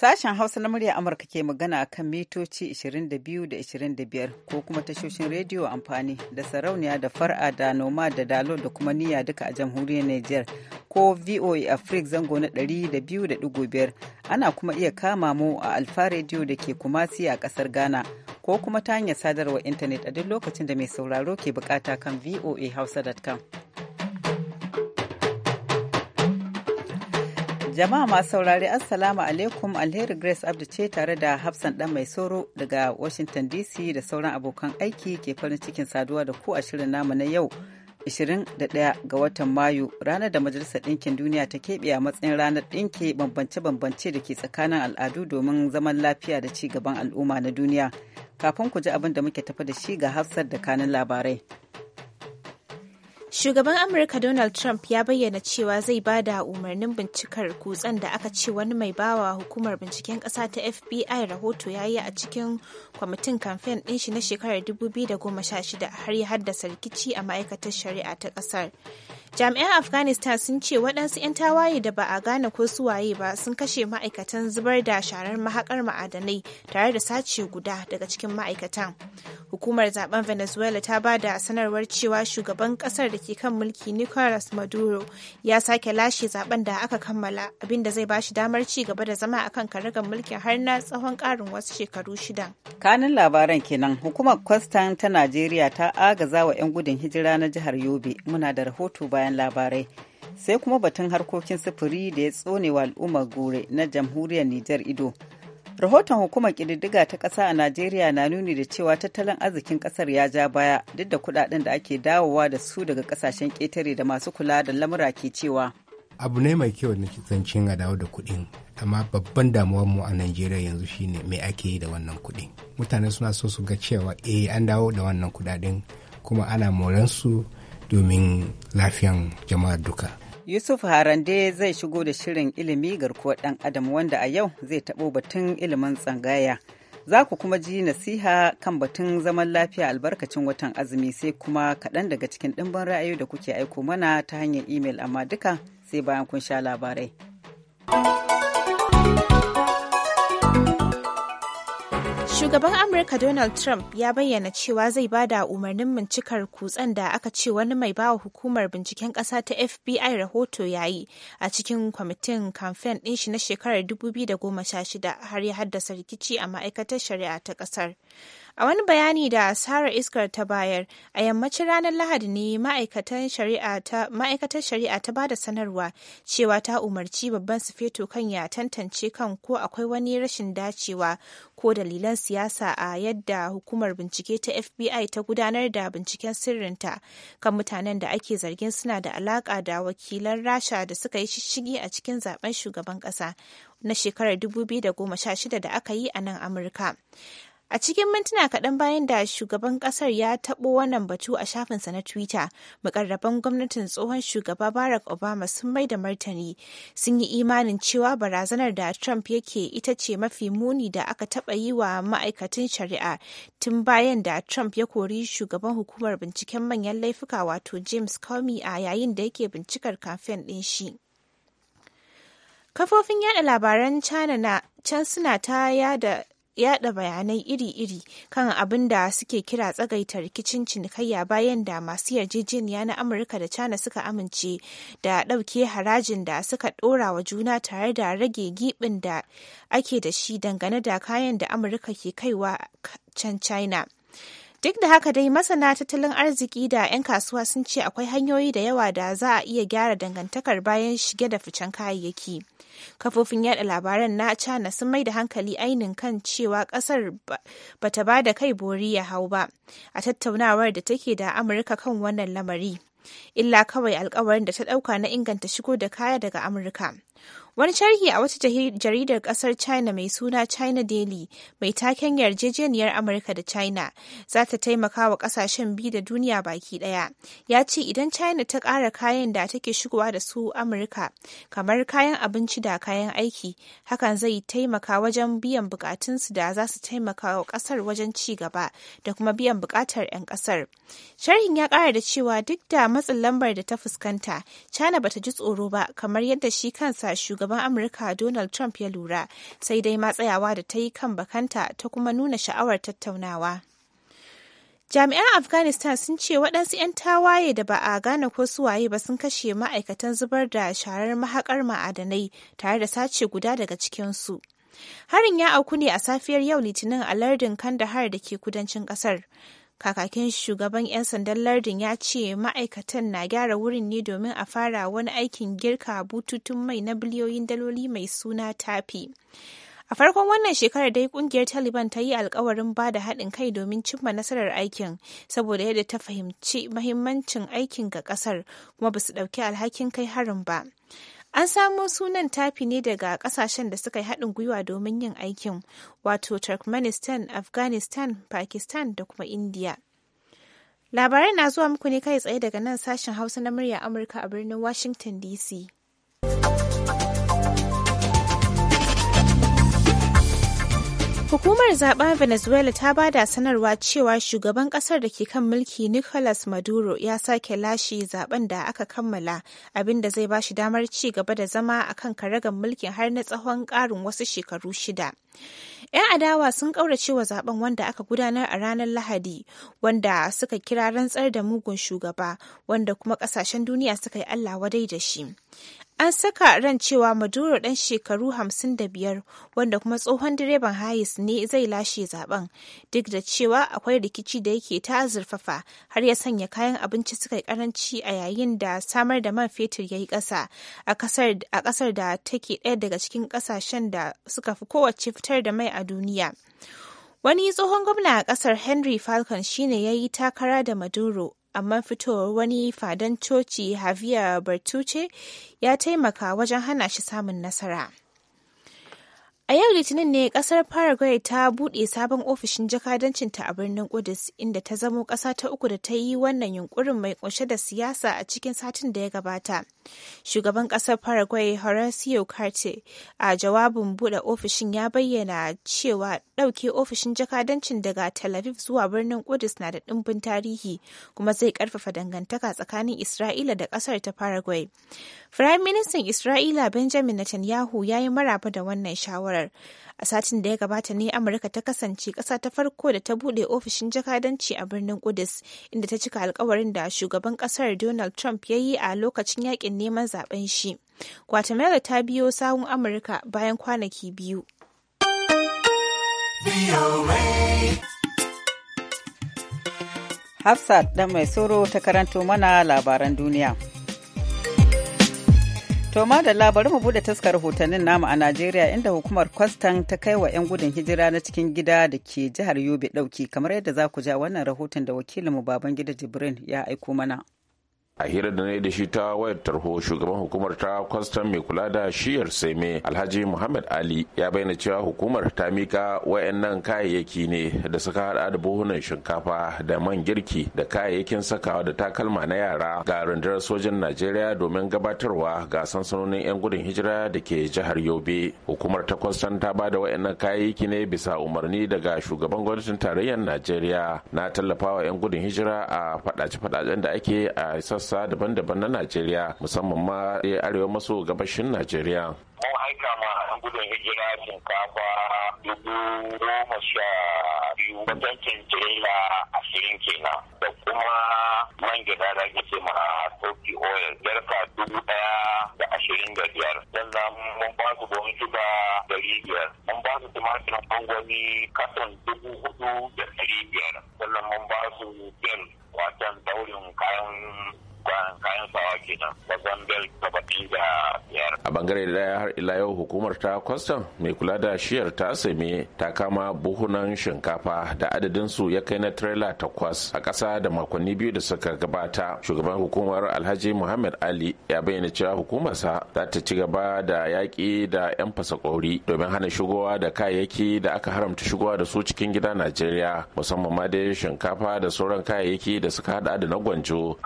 Sashen Hausa na murya Amurka ke magana a kan mitoci 22 da 25 ko kuma tashoshin rediyo amfani da sarauniya da far'a da noma da dalo da kuma niyya duka a jamhuriyar Nijar ko VOA Africa zango na 200.5 ana kuma iya kama mu a Alfa rediyo da ke kumasi a kasar Ghana ko kuma ta hanyar sadarwar intanet a duk lokacin da mai sauraro ke bukata kan voahausa.com. Jama'a masu saurari Assalamu alaikum Alheri Grace Abdu ce tare da Hafsan dan mai soro daga Washington DC da sauran abokan aiki ke farin cikin saduwa da ku a shirin namu na yau 21 ga watan Mayu ranar da Majalisar Ɗinkin Duniya ta keɓe a matsayin ranar ɗinke bambance-bambance da ke tsakanin al'adu domin zaman lafiya da ci gaban al'umma na duniya. Kafin ku ji abin da muke tafi da shi ga Hafsat da kanin labarai. Shugaban Amurka Donald Trump ya bayyana cewa zai ba da umarnin bincikar kutsen da aka ce wani mai bawa hukumar binciken ƙasa ta FBI rahoto ya yi a cikin kwamitin kamfen ɗin shi na shekarar 2016 har ya haddasa rikici a ma'aikatar shari'a ta ƙasar. jami'an afghanistan sun ce waɗansu 'yan tawaye da ba a gane ko su waye ba sun kashe ma'aikatan zubar da sharar mahakar ma'adanai tare da sace guda daga cikin ma'aikatan hukumar zaben venezuela ta ba da sanarwar cewa shugaban kasar da ke kan mulki nicolas maduro ya sake lashe zaben da aka kammala abinda zai bashi damar ci gaba da zama akan karagar mulkin har na tsawon karin wasu shekaru shida kanin labaran kenan hukumar kwastan ta najeriya ta agaza wa 'yan gudun hijira na jihar yobe muna da rahoto bayan bayan labarai. Sai kuma batun harkokin sufuri da ya tsonewa al'ummar gore na jamhuriyar Nijar ido. Rahoton hukumar kididdiga ta ƙasa a Najeriya na nuni da cewa tattalin arzikin ƙasar ya ja baya duk da kuɗaɗen da ake dawowa da su daga ƙasashen ƙetare da masu kula da lamura ke cewa. abu ne mai kyau na zancen a dawo da kuɗin amma babban damuwar mu a najeriya yanzu shine mai ake yi da wannan kuɗin mutane suna so su ga cewa eh an dawo da wannan kuɗaɗen kuma ana moransu domin lafiyan jama'ar duka. Yusuf Harande zai shigo da shirin ilimi garkuwar ɗan adam wanda a yau zai taɓo batun ilimin tsangaya. Za ku kuma ji nasiha kan batun zaman lafiya albarkacin watan azumi sai kuma kaɗan daga cikin ɗimbin ra'ayi da kuke aiko mana ta hanyar imel amma duka sai bayan kun sha labarai. Shugaban Amurka Donald Trump ya bayyana cewa zai ba da umarnin bincikar kutsen da aka ce wani mai bawa hukumar binciken ƙasa ta FBI rahoto ya yi a cikin kwamitin kamfen ɗin shi na shekarar 2016 har ya haddasa rikici a ma'aikatar shari'a ta ƙasar. A wani bayani da Sarah Iskar ta bayar, a yammacin ranar Lahadi ne ma'aikatar shari'a ta bada sanarwa cewa ta umarci babban su feto kan ya tantance kan ko akwai wani rashin dacewa ko dalilan siyasa a yadda hukumar bincike ta FBI ta gudanar da binciken sirrinta kan mutanen da ake zargin suna da alaka da wakilan Rasha da suka yi shishigi a cikin zaben shugaban ƙasa na shekarar 2016 da aka yi a nan Amurka. A cikin mintuna kaɗan bayan da shugaban ƙasar ya taɓo wannan batu a shafinsa na Twitter, makarraban gwamnatin tsohon shugaba Barack Obama sun mai da martani sun yi imanin cewa barazanar da Trump yake ita ce mafi muni da aka taɓa yi wa ma'aikatan shari'a tun bayan da Trump ya kori shugaban hukumar binciken manyan laifuka wato James Comey a yayin da yake bincikar kamfen ɗin shi. Kafofin yada labaran China na can suna ta yada yada bayanai iri-iri kan abin da suke kira tsagaita rikicin cinikayya bayan da masu yarjejeniya na Amurka da China suka amince da ɗauke harajin da suka ɗora wa juna tare da rage gibin da ake da shi dangane da kayan da Amurka ke kaiwa can China. Duk da haka dai masana tattalin arziki da 'yan kasuwa sun ce akwai hanyoyi da yawa da za a iya gyara dangantakar bayan shige da ficen kayayyaki. Kafofin yada labaran na China sun mai da hankali ainin kan cewa kasar bata ba da kai bori ya hau ba a tattaunawar da take da Amurka kan wannan lamari. Illa kawai alkawarin da ta dauka na inganta shigo da kaya daga Amurka. Wani sharhi a wata jaridar kasar China mai suna China Daily mai taken yarjejeniyar Amurka da China za ta taimaka wa kasashen biyu da duniya baki daya. Ya ce idan China ta ƙara kayan da take shigowa da su Amurka kamar kayan abinci da kayan aiki hakan zai taimaka wajen biyan bukatunsu da za su taimaka wa kasar wajen ci gaba da kuma biyan bukatar 'yan kasar. Sharhin ya ƙara da cewa duk da matsin lambar da ta fuskanta, China bata ji tsoro ba kamar yadda shi kansa shugaban shugaban Amurka Donald Trump ya lura, sai dai matsayawa da ta yi kan bakanta ta kuma nuna sha'awar tattaunawa. Jami'an Afghanistan sun ce waɗansu 'yan tawaye da ba a gane ko su waye ba sun kashe ma'aikatan zubar da sharar mahakar ma'adanai tare da sace guda daga cikinsu. Harin ya auku ne a safiyar yau Litinin a lardin Kandahar da ke kudancin ƙasar. kakakin shugaban 'yan sandan lardin ya ce ma'aikatan na gyara wurin ne domin a fara wani aikin girka bututun mai na biliyoyin daloli mai suna tafi a farkon wannan shekarar dai kungiyar taliban ta yi alkawarin ba da haɗin kai domin cimma nasarar aikin saboda yadda ta fahimci mahimmancin aikin ga kasar kuma ba su ɗauki alhakin kai harin ba An samo sunan tafi ne daga kasashen da suka yi haɗin gwiwa domin yin aikin, wato Turkmenistan, Afghanistan, Pakistan da kuma India. Labarai na zuwa muku ne kai tsaye daga nan sashen Hausa na murya Amurka a birnin Washington DC. Hukumar zaben Venezuela ta ba da sanarwa cewa shugaban kasar da ke kan mulki Nicolas Maduro ya sake lashe zaben da aka kammala abinda zai ba shi damar ci gaba da zama a kan karagan mulkin har na tsawon ƙarin wasu shekaru shida. 'Yan adawa sun wa zaben wanda aka gudanar a ranar Lahadi wanda suka kira rantsar da mugun shugaba wanda kuma ƙasashen duniya suka yi Allah wadai da shi. An saka ran cewa Maduro ɗan shekaru 55 wanda kuma tsohon direban Hayes ne zai lashe zaben duk da cewa akwai rikici da yake ta zurfafa har ya sanya kayan abinci suka yi karanci a yayin da samar da man fetur ya yi ƙasa a ƙasar da take ɗaya daga cikin ƙasashen da suka fi kowace fitar da mai a duniya. Wani tsohon gwamna a ƙasar Henry Falcon shine ya yi takara da Maduro amma fitowar wani fadan coci Javier Bertuce ya taimaka wajen hana shi samun nasara. A yau Litinin ne kasar Paraguay ta buɗe sabon ofishin jakadancinta a birnin Kudus inda ta zamo ƙasa ta uku da ta yi wannan yunkurin mai kunshe da siyasa a cikin satin da ya gabata. Shugaban ƙasar Paraguay Horacio Carte a jawabin buɗe ofishin ya bayyana cewa ɗauke ofishin jakadancin daga Tel Aviv zuwa birnin Kudus na da ɗimbin tarihi kuma zai ƙarfafa dangantaka tsakanin Isra'ila da ƙasar ta Paraguay. Firayim Ministan Isra'ila Benjamin Netanyahu ya yi maraba da wannan shawarar. A satin da ya gabata ne Amurka ta kasance ƙasa ta farko da ta buɗe ofishin jakadanci a birnin Kudus inda ta cika alkawarin da shugaban ƙasar Donald Trump ya yi a lokacin yakin neman zaben shi. Guatemala ta biyo sahun Amurka bayan kwanaki biyu. Hafsat ɗan mai tsoro ta karanto mana labaran duniya. Toma da labarin mu bude taskar rahotannin namu a Najeriya inda hukumar kwastan ta kai wa 'yan gudun hijira na cikin gida da ke jihar Yobe ɗauki kamar yadda za ku ja wannan rahoton da wakilinmu baban gida Jibrin ya aiko mana. a hira da na yi da shi ta wayar tarho shugaban hukumar ta kwastam mai kula da shiyar seme alhaji muhammad ali ya bayyana cewa hukumar ta mika wayannan kayayyaki ne da suka hada da buhunan shinkafa da man girki da kayayyakin sakawa da takalma na yara ga rundunar sojin najeriya domin gabatarwa ga sansanonin yan gudun hijira da ke jihar yobe hukumar ta kwastam ta ba da wayannan kayayyaki ne bisa umarni daga shugaban gwamnatin tarayyar najeriya na tallafawa yan gudun hijira a fadace-fadacen da ake a sassa daban-daban na najeriya musamman ma eh, arewa maso gabashin najeriya mun aika ma gudun hijira shinkafa dubu goma sha biyu batancin tirela ashirin kenan da kuma man gida da ke ce ma toki oil jarka dubu daya da ashirin da biyar sannan mun ba su gomi shuga dari biyar mun ba su tumatirin gwangwani kasan dubu hudu da dari biyar sannan mun ba su daurin kayan kayan sawa kenan wajen bel da biyar. a bangare daya har ila yau hukumar ta kwastam mai kula da shiyar ta same ta kama buhunan shinkafa da adadin su ya kai na trailer takwas a ƙasa da makonni biyu da suka gabata shugaban hukumar alhaji muhammad ali ya bayyana cewa hukumarsa za ta ci gaba da yaƙi da 'yan fasa domin hana shigowa da kayayyaki da aka haramta shigowa da su cikin gida najeriya musamman ma dai shinkafa da sauran kayayyaki da suka hada da na gwanjo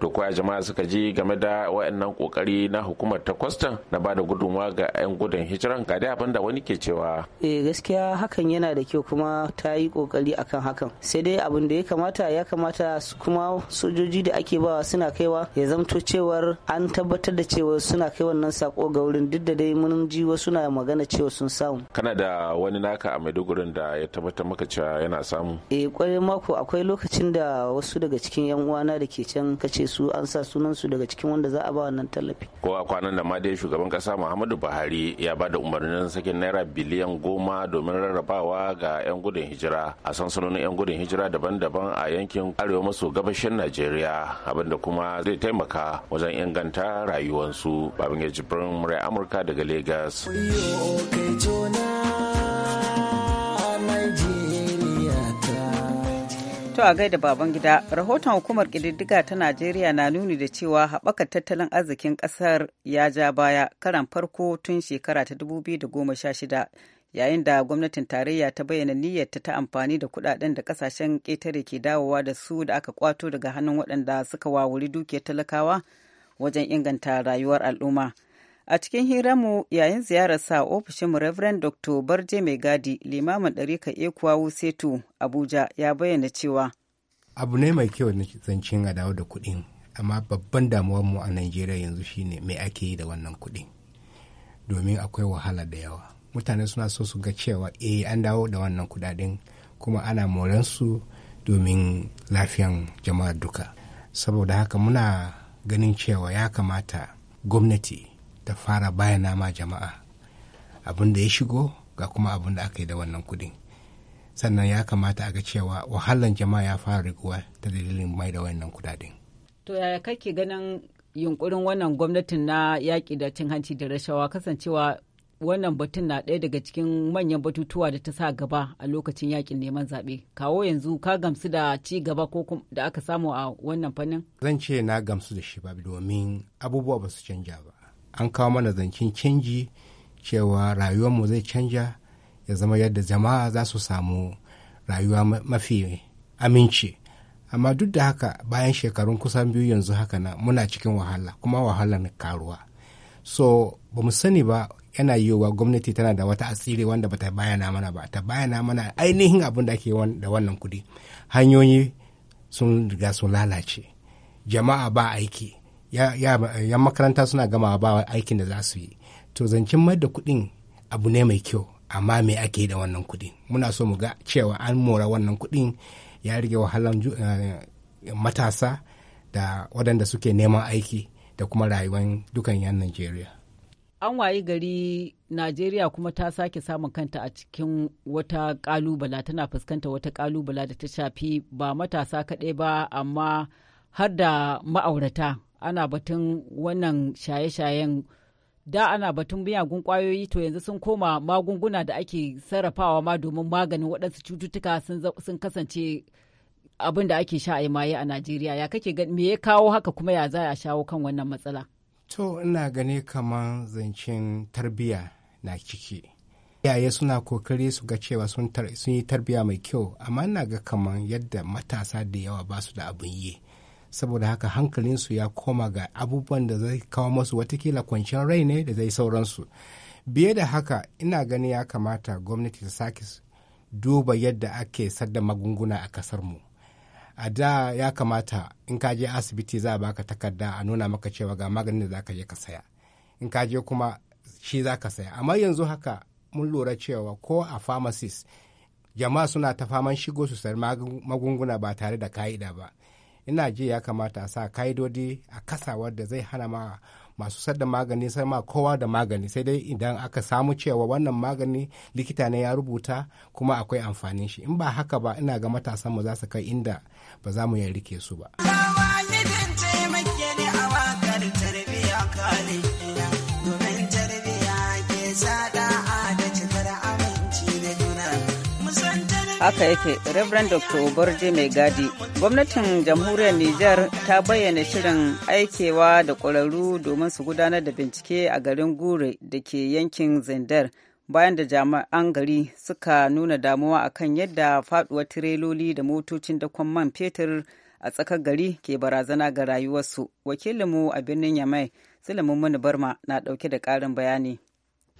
To kuwa jama'a suka ji game da wa'annan kokari na hukumar ta kwastan na ba da gudunmawa ga 'yan gudun hijiran ga dai da wani ke cewa. Eh gaskiya hakan yana da kyau kuma ta yi kokari akan hakan. Sai dai abin da ya kamata ya kamata kuma sojoji da ake bawa suna kaiwa ya zamto cewar an tabbatar da cewa suna kai wannan sako ga wurin duk da dai mun ji wasu na magana cewa sun samu. Kana da wani naka a Maiduguri da ya tabbatar maka cewa yana samu. Eh kwarai mako akwai lokacin da wasu daga cikin yan uwana da ke can kace su an sa sunan su daga cikin wanda za a ba wannan tallafi ko a kwanan da ma dai shugaban kasa Muhammadu Buhari ya ba da umarnin sakin naira biliyan goma domin rarrabawa ga yan gudun hijira a sansanonin yan gudun hijira daban-daban a yankin arewa maso gabashin Najeriya abinda kuma zai taimaka wajen inganta rayuwarsu babin ya jibrin murai Amurka daga Lagos. To a gaida baban gida, rahoton hukumar ƙididdiga ta Najeriya na nuni da cewa haɓakar tattalin arzikin ƙasar ya ja baya karan farko tun shekara ta 2016 yayin da gwamnatin tarayya ta bayyana niyyarta ta amfani da kuɗaɗen da ƙasashen ƙetare ke dawowa da su da aka kwato daga hannun waɗanda suka wawuri dukiyar talakawa wajen inganta rayuwar al'umma. A cikin hiranmu yayin ziyararsa a ofishinmu Reverend Dr. Barje Mai Gadi, limamin ɗarika Ekuwa Wusetu Abuja ya bayyana cewa. Abu ne mai kyau na zancen a dawo da kuɗin, amma babban damuwar mu a Najeriya yanzu shine me ake yi da wannan kuɗin. Domin akwai wahala da yawa. Mutane suna so su ga cewa eh an dawo da wannan kuɗaɗen kuma ana su domin lafiyan jama'ar duka. Saboda haka muna ganin cewa ya kamata gwamnati ta fara bayana ma jama'a abin da ya shigo ga kuma abin da aka yi da wannan kudin sannan ya kamata a ga cewa wahalan jama'a ya fara riguwa ta dalilin mai da wannan kudaden to yaya kake ganin yunkurin wannan gwamnatin na yaƙi da cin hanci da rashawa kasancewa wannan batun na ɗaya daga cikin manyan batutuwa da ta sa gaba a lokacin yakin neman zaɓe kawo yanzu ka gamsu da ci gaba ko da aka samu a wannan fannin zan ce na gamsu da shi ba domin abubuwa ba su canja ba an kawo mana zancen canji cewa rayuwarmu zai canja ya zama yadda jama'a za su samu rayuwa mafi aminci amma duk da haka bayan shekarun kusan biyu yanzu haka na muna cikin wahala kuma wahala wahalar karuwa so ba mu sani ba yana yiwuwa gwamnati tana da wata asiri wanda bata bayana mana ba ta bayyana mana ainihin abin da ake da wannan kudi hanyoyi sun riga sun lalace jama'a ba aiki yan makaranta suna gama ba aikin da za su yi to zancen mai da kuɗin abu ne mai kyau amma me ake da wannan kuɗin muna so mu ga cewa an mora wannan kuɗin ya rage wahalan eh, matasa da waɗanda suke neman aiki da kuma rayuwar dukan yan Najeriya. An wayi gari Najeriya kuma ta sake samun kanta a cikin wata kalubala tana fuskanta wata kalubala da ta shafi ba matasa kaɗai ba amma har da ma'aurata ana batun wannan shaye-shayen da ana batun miyagun kwayoyi to yanzu sun koma magunguna da ake sarrafawa ma domin maganin waɗansu cututtuka sun kasance abin da ake sha a maye a najeriya ya kake me ya kawo haka kuma ya za a shawo kan wannan matsala to ina gani kamar zancen tarbiyya na ciki iyaye suna kokari su ga cewa sun yi tarbiyya mai kyau amma ina ga kamar yadda matasa da yawa ba su da abin yi saboda haka hankalinsu ya koma ga abubuwan da zai kawo masu watakila kwanciyar rai ne da zai sauransu biye da haka ina gani ya kamata gwamnati ta sake duba yadda ake sadda magunguna a kasar mu a da ya kamata in ka je asibiti za a baka takarda a nuna maka cewa ga maganin da za ka je ka saya in ka je kuma shi za ka saya amma yanzu haka mun lura cewa ko a pharmacist jama'a suna ta faman shigo su sayar magunguna ba tare da ka'ida ba ina ji ya kamata a sa ka'idodi a kasa da zai hana ma masu sadda magani sai ma kowa da magani sai dai idan aka samu cewa wannan magani likita ne ya rubuta kuma akwai amfanin shi in ba haka ba ina ga matasan mu za su kai inda ba za mu rike su ba. haka yake reverend dr Borje mai gadi gwamnatin jamhuriyar Nijar ta bayyana shirin aikewa da ƙwararru domin su gudanar da bincike a garin gure da ke yankin zindar bayan da jami'an gari suka nuna damuwa a kan yadda faduwar tireloli da motocin dakon man fetur a tsakar gari ke barazana ga rayuwarsu wakilinmu a birnin yamai sulamun muni barma na ɗauke da ƙarin bayani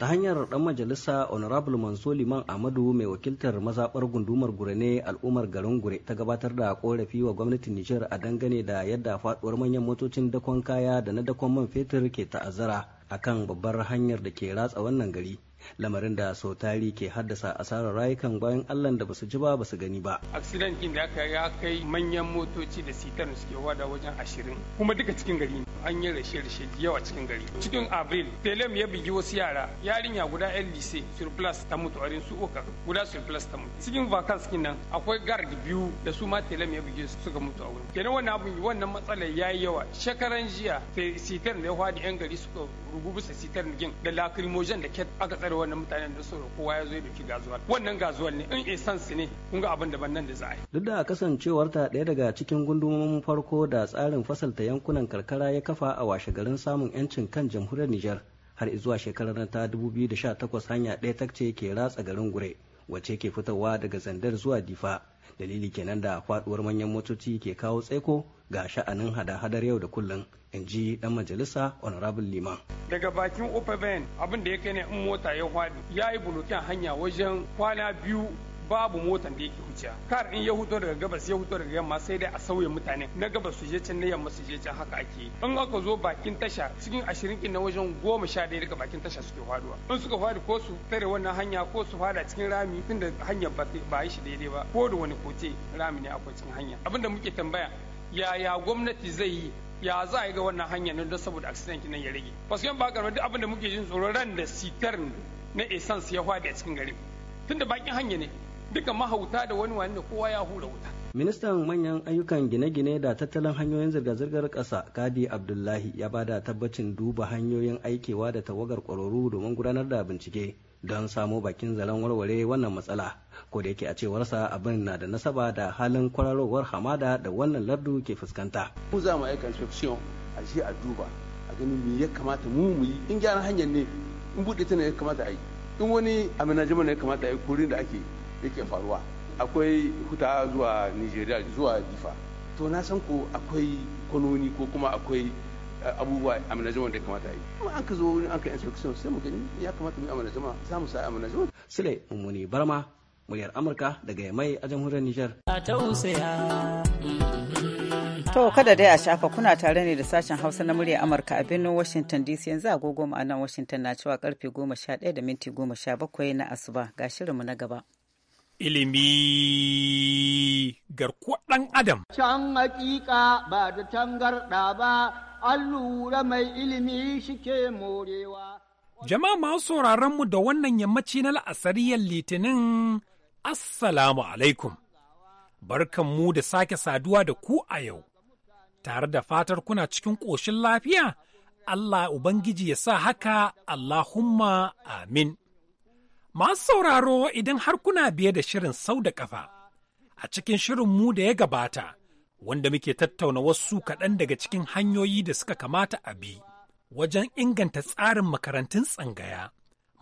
ta hanyar dan majalisa honorable manso liman amadu mai wakiltar mazabar gundumar gurane al'umar al'ummar garin gure ta gabatar da korafi wa gwamnatin nijar a dangane da yadda faduwar manyan motocin dakon kaya da na dakon man fetur ke ta'azzara akan babbar hanyar da ke ratsa wannan gari lamarin da sau tari ke haddasa asarar rayukan bayan allan da basu ji ba basu gani ba accident din da aka ya kai manyan motoci da sitar suke wada wajen ashirin kuma duka cikin gari an yi rashe rashe yawa cikin gari cikin abril telem ya bigi wasu yara yarinya guda yan lise surplus ta mutu arin su oka guda surplus ta mutu cikin vacance kin nan akwai guard biyu da su ma telem ya bige suka mutu a wurin kenan wannan abun wannan matsalar yi yawa shekaran jiya sitar da ya hwadi yan gari suka rugu bisa sitan gin da lacrimogen da ket aka tare wannan mutanen da kowa ya zo ya dauki gazuwar wannan gazuwar ne in su ne kun ga abin da ban nan da za a yi duk da kasancewar ta ɗaya daga cikin gundumomin farko da tsarin fasalta yankunan karkara ya kafa a washe garin samun yancin kan jamhuriyar Nijar har zuwa shekarar ta 2018 hanya ɗaya takce ke ratsa garin Gure wacce ke fitowa daga Zandar zuwa Difa dalili kenan da faduwar manyan motoci ke kawo tsaiko ga sha'anin hada-hadar yau da kullum in ji dan majalisa honorable liman daga bakin open abin da ya kai ne in mota ya hwadi ya yi bulokin hanya wajen kwana biyu babu motan da yake wuce kar in ya huto daga gabas ya huto daga yamma sai dai a sauya mutane na gabas su je can na yamma su je can haka ake in aka zo bakin tasha cikin ashirin kin na wajen goma sha ɗaya daga bakin tasha suke faduwa in suka fadi ko su tare wannan hanya ko su fada cikin rami tunda hanyar ba yi shi daidai ba ko da wani kote rami ne akwai cikin hanya abinda muke tambaya yaya gwamnati zai yi ya za a yi ga wannan hanya ne don saboda accident nan ya rage wasu yan ba duk abin da muke jin tsoro ran da sitar na essence ya hwada a cikin garin tunda bakin hanya ne duka mahauta da wani wani da kowa ya hura wuta ministan manyan ayyukan gine-gine da tattalin hanyoyin zirga-zirgar ƙasa kadi abdullahi ya bada tabbacin duba hanyoyin aikewa da tawagar kwararru domin gudanar da bincike don samo bakin zaren warware wannan matsala ko da yake a cewarsa abin na da nasaba da halin kwararowar hamada da wannan lardu ke fuskanta. Mu za mu aika inspection a shi a duba a gani me ya kamata mu mu yi in gyaran hanyar ne in buɗe ta ne ya kamata a yi in wani amenajima ne ya kamata a yi kurin da ake yake faruwa akwai huta zuwa Nigeria zuwa Difa to na san ko akwai kwanoni ko kuma akwai abubuwa a manajama da ya kamata yi kuma an ka zo wurin an ka inspection sai mu gani ya kamata mu yi a manajama za mu sa a manajama sule mummuni barma muryar amurka daga mai a jamhuriyar nijar a tausaya To kada dai a shafa kuna tare ne da sashen Hausa na murya Amurka a birnin Washington DC yanzu agogo a nan Washington na cewa karfe 11 da minti 17 na asuba ga shirinmu na gaba. Ilimi garkuwa ɗan Adam. Can hakika ba da tangarɗa ba an lura mai ilimi shike morewa. Jama'a masu sauraron mu da wannan yammaci na la'asariyar litinin Assalamu alaikum. Barkan mu da sake saduwa da ku a yau, tare da fatar kuna cikin ƙoshin lafiya, Allah Ubangiji ya sa haka Allahumma amin. Masu sauraro idan har kuna biye da shirin sau da ƙafa, a cikin shirin mu da ya gabata, wanda muke tattauna wasu kaɗan daga cikin hanyoyi da suka kamata a bi wajen inganta tsarin makarantun tsangaya.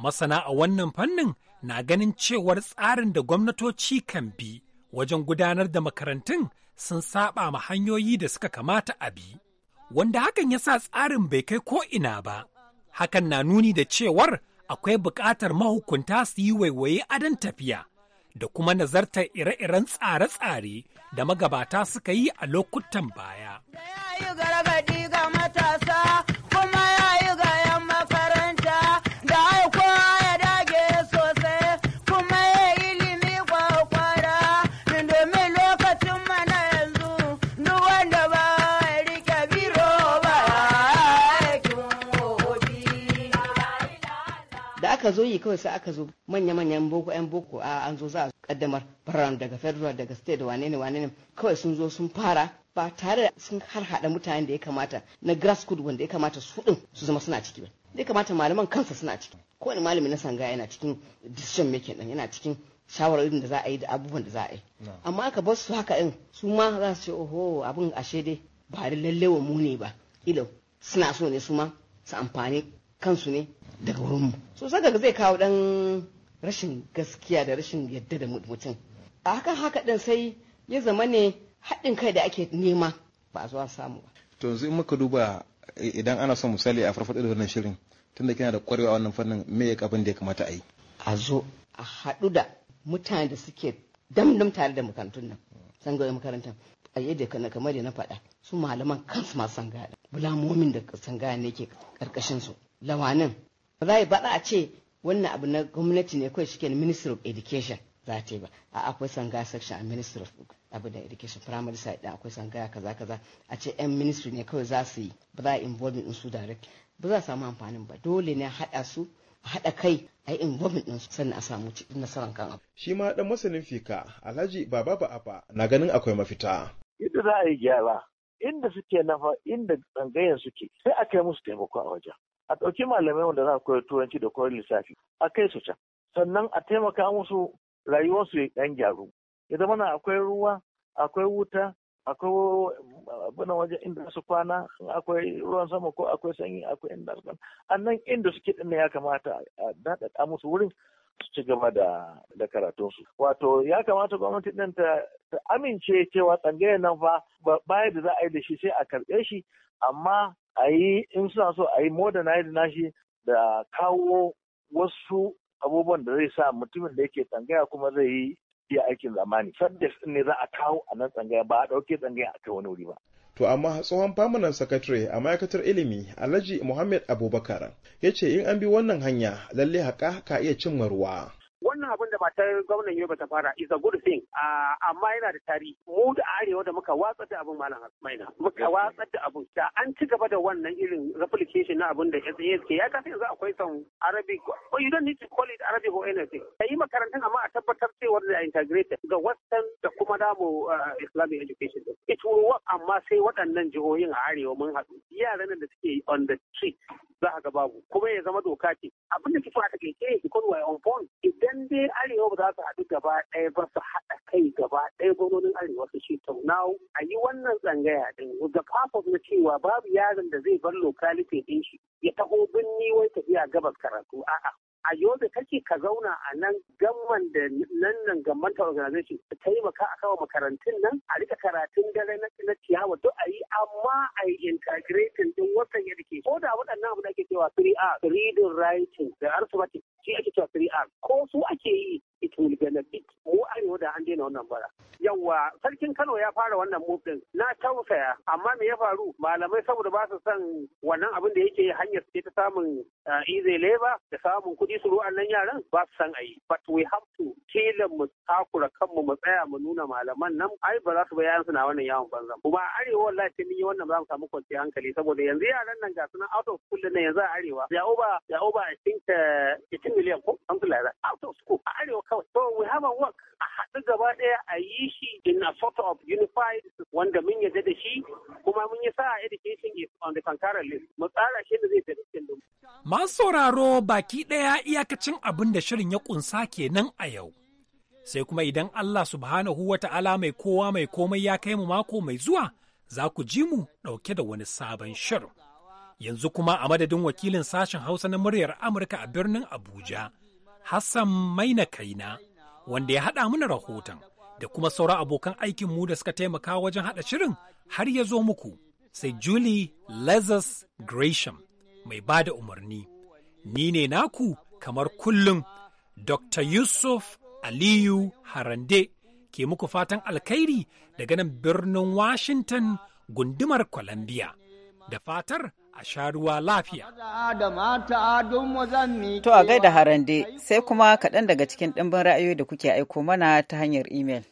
Masana a wannan fannin na ganin cewar tsarin da gwamnatoci kan bi wajen gudanar da makarantun sun saba ma hanyoyi da suka kamata a bi, wanda hakan ya sa tsarin bai kai ko'ina ba. Hakan na nuni da cewar akwai buƙatar mahukunta su yi waiwaye adon tafiya da kuma nazartar ire-iren tsare-tsare da magabata suka yi a lokutan baya. aka zo yi kawai sai aka zo manya-manyan boko yan boko a an zo za a kaddamar program daga federal daga state wane ne wane ne kawai sun zo sun fara ba tare da sun hada mutanen da ya kamata na grassroots wanda ya kamata su ɗin su zama suna ciki ba ya kamata malaman kansa suna ciki kowane malami na sanga yana cikin decision making din yana cikin shawararin da za a yi da abubuwan da za a yi amma aka bar su haka yan su ma za su ce oho abin ashe dai ba da lallewa mu ne ba ilo suna so ne su ma su amfani kansu ne daga wurinmu so saka zai kawo dan rashin gaskiya da rashin yadda da mutum a hakan haka din sai ya zama ne haɗin kai da ake nema ba a zuwa samu ba to yanzu in muka duba idan ana son misali a farfaɗo da wannan shirin tunda kina da kwarewa wannan fannin me ya abin da ya kamata a yi a zo a haɗu da mutane da suke damdam tare da makarantun nan sangayoyin makarantar a yadda kana kamar da na faɗa su malaman kansu masu sangaya bulamomin da sangaya ne ke karkashin su lawanin ba za a ba a ce wannan abu na gwamnati ne kawai shike minister of education za ta yi ba a akwai sanga section a minister of abu da education primary side din akwai sanga kaza kaza a ce yan ministry ne kawai za su yi ba za a involve in su direct ba za a samu amfanin ba dole ne haɗa su haɗa kai a yi involvement ɗin sannan a samu nasarar kan abu. Shi ma ɗan masanin fika Alhaji Baba Ba'aba na ganin akwai mafita. Yadda za a yi gyara inda suke nafa inda tsangayen suke sai a kai musu taimako a wajen. a ɗauki malamai wanda za a koyar turanci da koyar lissafi a kai su can sannan a taimaka musu rayuwarsu ya ɗan gyaru ya zama na akwai ruwa akwai wuta akwai abin waje inda su kwana akwai ruwan sama ko akwai sanyi akwai inda su kwana annan inda suke ɗin ya kamata a daɗaɗa musu wurin su ci gaba da karatunsu wato ya kamata gwamnati ɗin ta amince cewa tsangayar nan fa baya da za a yi da shi sai a karɓe shi amma a yi in suna so a yi modernize nashi da kawo wasu abubuwan da zai sa mutumin da yake tsangaya kuma zai yi iya aikin zamani ɗin ne za a kawo a nan tsangaya ba a ɗauke tsangaya a kai wani wuri ba To amma tsohon famunan sakatare a ma'aikatar ilimi Alhaji Muhammad Abubakar ya ce in an bi wannan hanya lalle haƙa ka iya cimma ruwa. wannan abin da matar gwamnan ba ta fara is a good thing ah, amma yana da tarihi mu da arewa da muka watsar da abin malam Maina muka watsar da abin da an ci gaba da wannan irin replication na abin da ke ya kasa yanzu akwai son Arabic or oh, you don't need to call it Arabic or anything yi makarantun amma a tabbatar cewa da integrated ga western da kuma damu ah, Islamic education it will work amma sai waɗannan jihohin a arewa mun haɗu yaran da suke on the street za a ga babu kuma ya zama doka ce abin da ke fara take kai because we are on phone idan dai arewa ba za su haɗu gaba ɗaya ba su haɗa kai gaba ɗaya gwamnonin arewa su ce taunau a yi wannan tsangaya ɗin da purpose na cewa babu yaron da zai bar locality din shi ya taho birni wai tafiya gabas karatu a'a a yobe kake ka zauna a nan gamman da nan nan gamman ta organization ta taimaka a kawo makarantun nan a rika karatun dare na ciyawa duk a yi amma a yi integrating din watan yadda ke ko da waɗannan abu da ake cewa 3R reading writing da arithmetic shi ake cewa 3R ko su ake yi it will benefit mu arewa da an daina wannan bara yawwa sarkin Kano ya fara wannan move din na tausaya amma me ya faru malamai saboda ba su san wannan abin da yake hanyar ce ta samun easy labor da samun kudi su ruwan nan yaran ba su san ayi but we have to tilan mu takura kanmu mu tsaya mu nuna malaman nan ai ba za su bayan suna wannan yawon banza kuma a arewa wallahi sai mun yi wannan ba za mu samu kwanciyar hankali saboda yanzu yaran nan ga su nan out of school nan yanzu a arewa ya over ya over i think 18 eh, million ko something like that out of school a arewa kawai so we have a work a haɗu gaba ɗaya a yi shi in a sort of unified wanda mun yadda da shi kuma mun yi sa education is on the concurrent list mu tsara shi da zai tafi cikin Masu sauraro baki ɗaya iyakacin abin da shirin ya ƙunsa kenan a yau. Sai kuma idan Allah subhanahu wa ta'ala mai kowa mai komai ya kai mu mako mai zuwa za ku ji mu ɗauke da wani sabon shirin. Yanzu kuma a madadin wakilin sashen Hausa na muryar Amurka a birnin Abuja, Hassan Maina Kaina, wanda ya haɗa mana rahoton, da kuma sauran abokan aikin mu da suka taimaka wajen haɗa shirin har ya zo muku, sai Julie Lazarus Gresham. mai ba da umarni. Ni ne naku kamar kullum, Dr. Yusuf Aliyu Harande ke muku fatan alkhairi daga nan birnin Washington gundumar Columbia. Da fatar a sha ruwa lafiya. To a gaida Harande sai kuma kaɗan daga cikin ɗimbin ra'ayoyi da kuke aiko mana ta hanyar imel.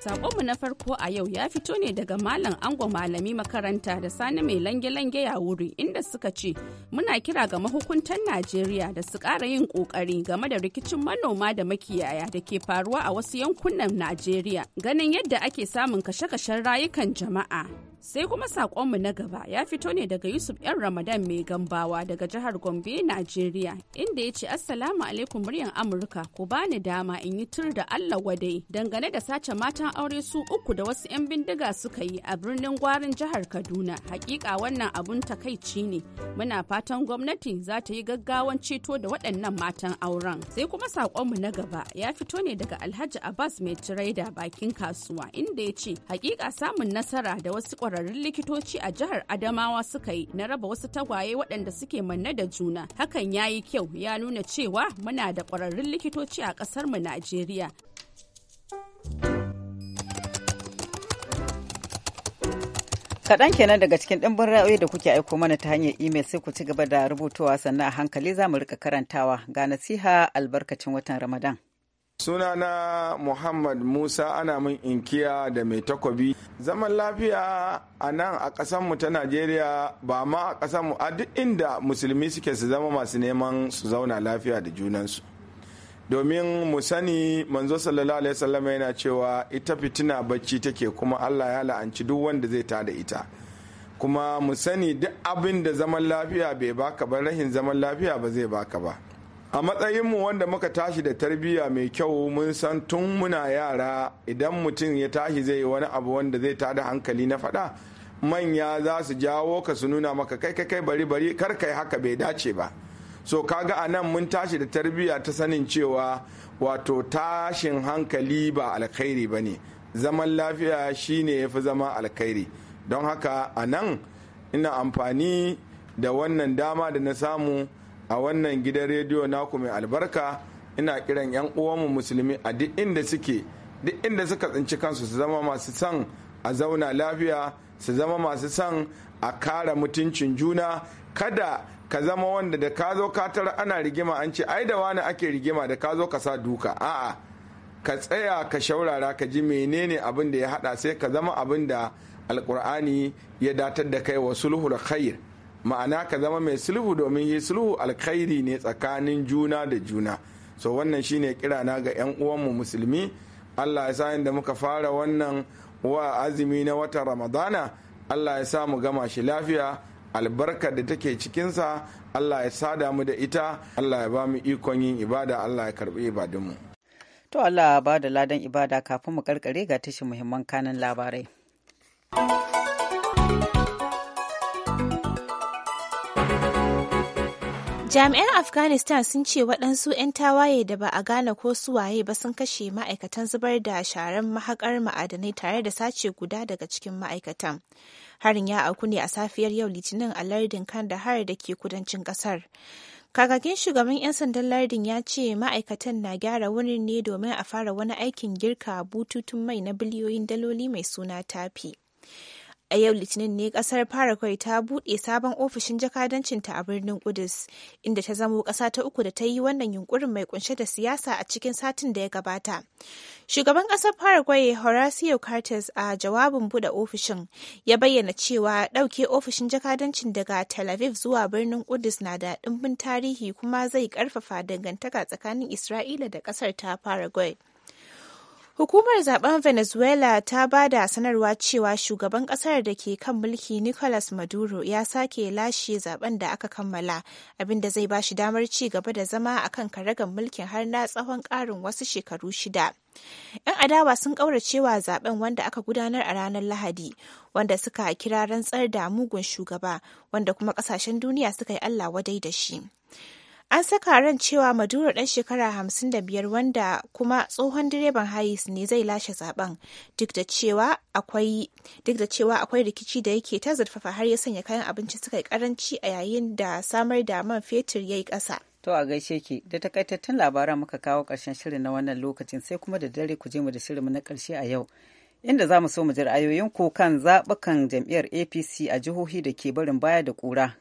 Sakonmu na farko a yau ya fito ne daga Malam Ango Malami makaranta da Sani mai lange-lange ya wuri inda suka ce muna kira ga mahukuntan Najeriya da su ƙara yin ƙoƙari game da rikicin manoma da makiyaya da ke faruwa a wasu yankunan Najeriya ganin yadda ake samun kashe-kashen rayukan jama'a. Sai kuma sakonmu na gaba ya fito ne daga Yusuf 'yan Ramadan mai gambawa daga jihar Gombe, Najeriya, inda ya ce Assalamu alaikum muryan Amurka, ku bani dama in yi tur da Allah wadai dangane da sace matan aure su uku da wasu 'yan bindiga suka yi a birnin gwarin jihar Kaduna. Hakika wannan abun takaici ne. Muna fatan gwamnati za ta yi gaggawan ceto da waɗannan matan auren. Sai kuma saƙonmu na gaba ya fito ne daga Alhaji Abbas mai tiraida bakin kasuwa inda ya ce hakika samun nasara da wasu kwararrun likitoci a jihar Adamawa suka yi na raba wasu tagwaye waɗanda suke manne da juna. Hakan ya yi kyau ya nuna cewa muna da kwararrun likitoci a ƙasar mu Najeriya. kaɗan kenan daga cikin ɗimbin ra'ayoyi da kuke aiko mana ta hanyar imel sai ku ci gaba da rubutuwa sannan a hankali za mu rika karantawa ga nasiha albarkacin watan ramadan sunana muhammad musa ana min inkiya da mai takobi zaman lafiya a nan a ƙasanmu ta najeriya ba ma a ƙasanmu a duk inda musulmi suke su zama masu neman su zauna lafiya da junansu domin mu sani manzo sallallahu alaihi wasallam yana cewa ita fitina bacci take kuma allah ya la'anci duk wanda zai ta da ita kuma mu sani duk abin da zaman lafiya bai baka ba rahin zaman lafiya ba zai baka ba a matsayinmu wanda muka tashi da tarbiyya mai kyau mun san tun muna yara idan mutum ya tashi zai wani abu wanda zai tada hankali na faɗa manya za su jawo ka su nuna maka kai kai kai bari bari kar kai haka bai dace ba so kaga a nan mun tashi da tarbiyya ta sanin cewa wato tashin hankali ba alkhairi ba ne zaman lafiya shine ya fi zama alkhairi don haka a nan ina amfani da wannan dama da na samu a wannan gidan rediyo naku mai albarka ina kiran 'yan uwanmu musulmi a duk inda suke duk inda suka tsinci kansu su zama masu son a zauna lafiya su zama masu son a kara mutuncin juna kada ka zama wanda da ka zo ka tara ana rigima an ce ai da wani ake rigima da ka zo ka sa duka a'a ka tsaya ka shaurara ka ji menene abin da ya hada sai ka zama abin da alkur'ani ya datar da kai wa sulhul khair ma'ana ka zama mai sulhu domin yi sulhu alkhairi ne tsakanin juna da juna so wannan shine kirana ga 'yan uwanmu musulmi allah ya sa da muka fara wannan wa azumi na wata ramadana allah ya sa mu gama shi lafiya albarka da take cikinsa allah ya sada mu da ita allah ya ba mu ikon yin ibada allah ya karbi ibadunmu to allah ba da ladan ibada kafin mu karkare ga tashin muhimman kanan labarai Jami'an Afghanistan sun ce waɗansu 'yan tawaye da ba a gane ko su waye ba sun kashe ma'aikatan zubar da sharan mahakar ma'adanai tare da sace guda daga cikin ma'aikatan. Harin ya auku ne a safiyar yau Litinin a lardin Kandahar da ke kudancin ƙasar. Kakakin shugaban 'yan sandan lardin ya ce ma'aikatan na gyara wurin ne domin a fara wani aikin girka bututun mai na biliyoyin daloli mai suna tafi. A yau Litinin ne kasar Paraguay ta buɗe sabon ofishin jakadancinta a birnin Kudus, inda ta zamo ƙasa ta uku da ta yi wannan yunkurin mai kunshe da siyasa a cikin satin da ya gabata. Shugaban ƙasar Paraguay Horacio Cartes a jawabin buɗe ofishin ya bayyana cewa ɗauke ofishin jakadancin daga Tel Aviv zuwa birnin Kudus na da ɗimbin tarihi kuma zai ƙarfafa dangantaka tsakanin Isra'ila da ƙasar ta Paraguay. Hukumar zaben Venezuela ta ba da sanarwa cewa shugaban kasar da ke kan mulki Nicolas Maduro ya sake lashe zaben da aka kammala, abinda zai ba shi damar ci gaba da zama a kan karagar mulkin har na tsawon karin wasu shekaru shida. 'Yan adawa sun ƙauracewa zaben wanda aka gudanar a ranar Lahadi, wanda suka kira rantsar da mugun shugaba, wanda kuma kasashen duniya suka yi Allah wadai da shi. An saka ran cewa Maduro ɗan shekara hamsin da biyar wanda kuma tsohon direban hayis ne zai lashe zaben duk da cewa akwai rikici da yake ta zurfafa har ya sanya kayan abinci suka yi karanci a yayin da samar da man fetur ya yi ƙasa. To a gaishe ke da takaitattun labaran muka kawo ƙarshen shirin na wannan lokacin sai kuma da dare ku je mu da shirinmu na karshe a yau. Inda za mu so mu ji ku kan zaɓukan jam'iyyar APC a jihohi da ke barin baya da ƙura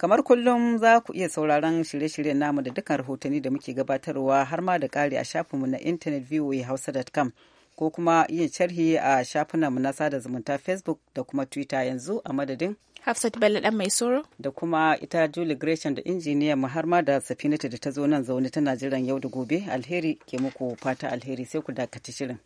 Kamar kullum za ku iya sauraron shirye-shiryen namu da dukkan rahotanni da muke gabatarwa har ma da ƙari a shafinmu na intanet voahausa.com ko kuma yin sharhi a shafinanmu na sada zumunta Facebook da kuma Twitter yanzu a madadin. Hafsat Bello dan mai soro. Da kuma ita Julie Gresham da injiniya mu har ma da safinata da ta zo nan zaune tana jiran yau da gobe alheri ke muku fata alheri sai ku dakaci shirin.